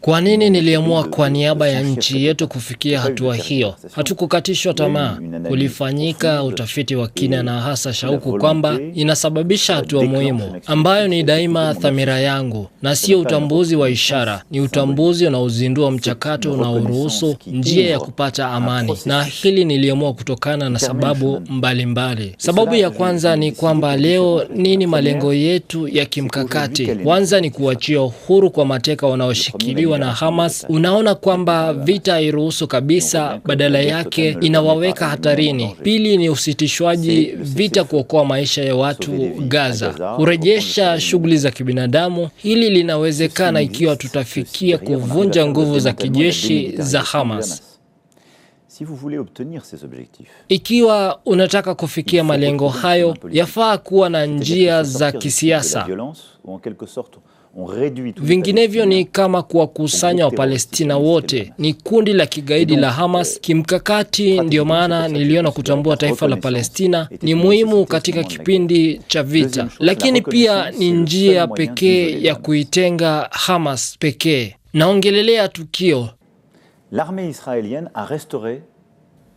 Kwa nini niliamua kwa niaba ya nchi yetu kufikia hatua hiyo? Hatukukatishwa tamaa. kulifanyika utafiti wa kina na hasa shauku kwamba inasababisha hatua muhimu ambayo ni daima thamira yangu, na sio utambuzi wa ishara. Ni utambuzi unaozindua mchakato unaoruhusu njia ya kupata amani, na hili niliamua kutokana na sababu mbalimbali mbali. Sababu ya kwanza ni kwamba leo, nini malengo yetu ya kimkakati? Kwanza ni kuachia uhuru kwa mateka wanaoshikiliwa na Hamas, unaona kwamba vita hairuhusu kabisa, badala yake inawaweka hatarini. Pili ni usitishwaji vita, kuokoa maisha ya watu Gaza, kurejesha shughuli za kibinadamu. Hili linawezekana ikiwa tutafikia kuvunja nguvu za kijeshi za Hamas. Ikiwa unataka kufikia malengo hayo, yafaa kuwa na njia za kisiasa. Vinginevyo ni kama kuwakusanya Wapalestina wote. Ni kundi la kigaidi la Hamas euh, kimkakati. Ndiyo maana niliona kutambua taifa la Palestina ni muhimu katika kipindi cha vita, lakini pia ni njia pekee ya kuitenga Hamas pekee. Naongelelea tukio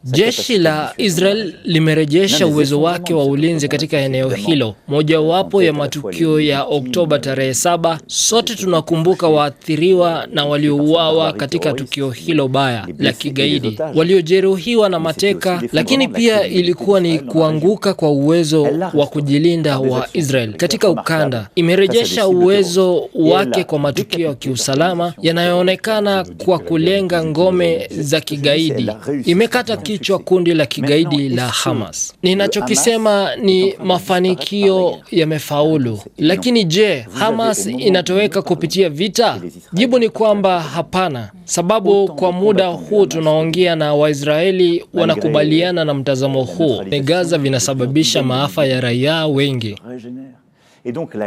Jeshi la Israel limerejesha uwezo wake wa ulinzi katika eneo hilo. Mojawapo ya matukio ya Oktoba tarehe saba, sote tunakumbuka waathiriwa na waliouawa katika tukio hilo baya la kigaidi, waliojeruhiwa na mateka, lakini pia ilikuwa ni kuanguka kwa uwezo wa kujilinda wa Israel katika ukanda. Imerejesha uwezo wake kwa matukio ya kiusalama yanayoonekana kwa kulenga ngome za kigaidi. Imekata kichwa kundi la kigaidi la Hamas. Ninachokisema ni mafanikio yamefaulu, lakini je, Hamas inatoweka kupitia vita? Jibu ni kwamba hapana, sababu kwa muda huu tunaongea na Waisraeli wanakubaliana na mtazamo huu. Gaza vinasababisha maafa ya raia wengi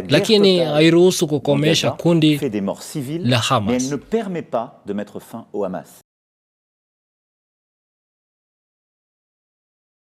lakini hairuhusu kukomesha kundi la Hamas.